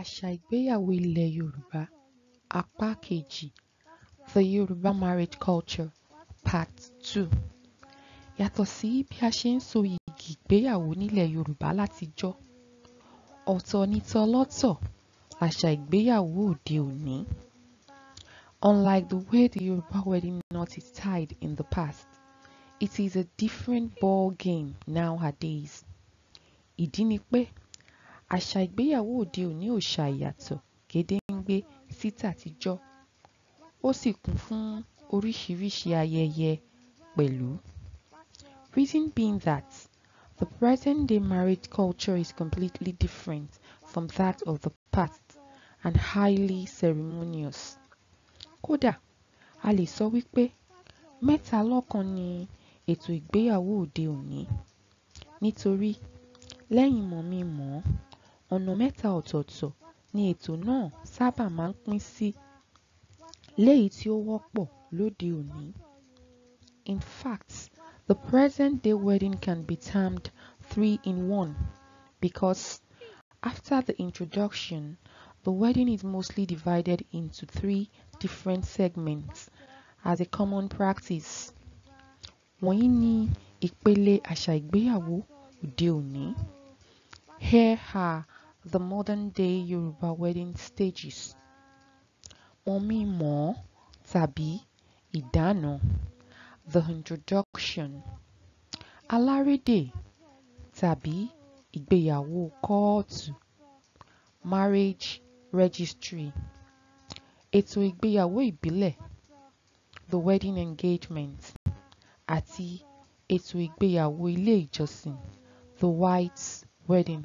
Àṣà ìgbéyàwó ilẹ̀ Yorùbá apá kejì The Yoruba marriage culture part two. Yàtọ̀ sí bí a ṣe ń so igi ìgbéyàwó nílẹ̀ Yorùbá látijọ́, ọ̀tọ̀ ni tọlọ́tọ̀ àṣà ìgbéyàwó òde òní. Unlike the way the Yoruba wedding knot is tied in the past, it is a different ball game nowadays. Ìdí ni pé Àṣà ìgbéyàwó òde òní ò ṣà ìyàtọ̀ gédéńgbé sí tàtijọ́, ó sì kún fún oríṣiríṣi ayẹyẹ pẹ̀lú. Reason being that the present-day marriage culture is completely different from that of the past and highly ceremonious. Kódà, a lè sọ wípé mẹ́ta lọ́kan ni ètò ìgbéyàwó òde òní nítorí lẹ́yìn mọ̀ mi ọ̀nà mẹ́ta ọ̀tọ̀ọ̀tọ̀ ni ètò náà sábà máa ń pín sí léyìí tí ó wọ́pọ̀ lóde òní. In fact, the present-day wedding can be termed three in one because after the introduction, the wedding is mostly divided into three different segments as a common practice. Wọ̀nyí ni ìpele àṣà ìgbéyàwó òde òní. Here are the modern day Yoruba wedding stages. Omi mo, tàbí idano, the introduction. Alárédè tàbí ìgbéyàwó kóòtù marriage registry. Ètò ìgbéyàwó ìbílẹ̀ the wedding engagement àti ètò ìgbéyàwó ilé ìjọsìn the white wedding.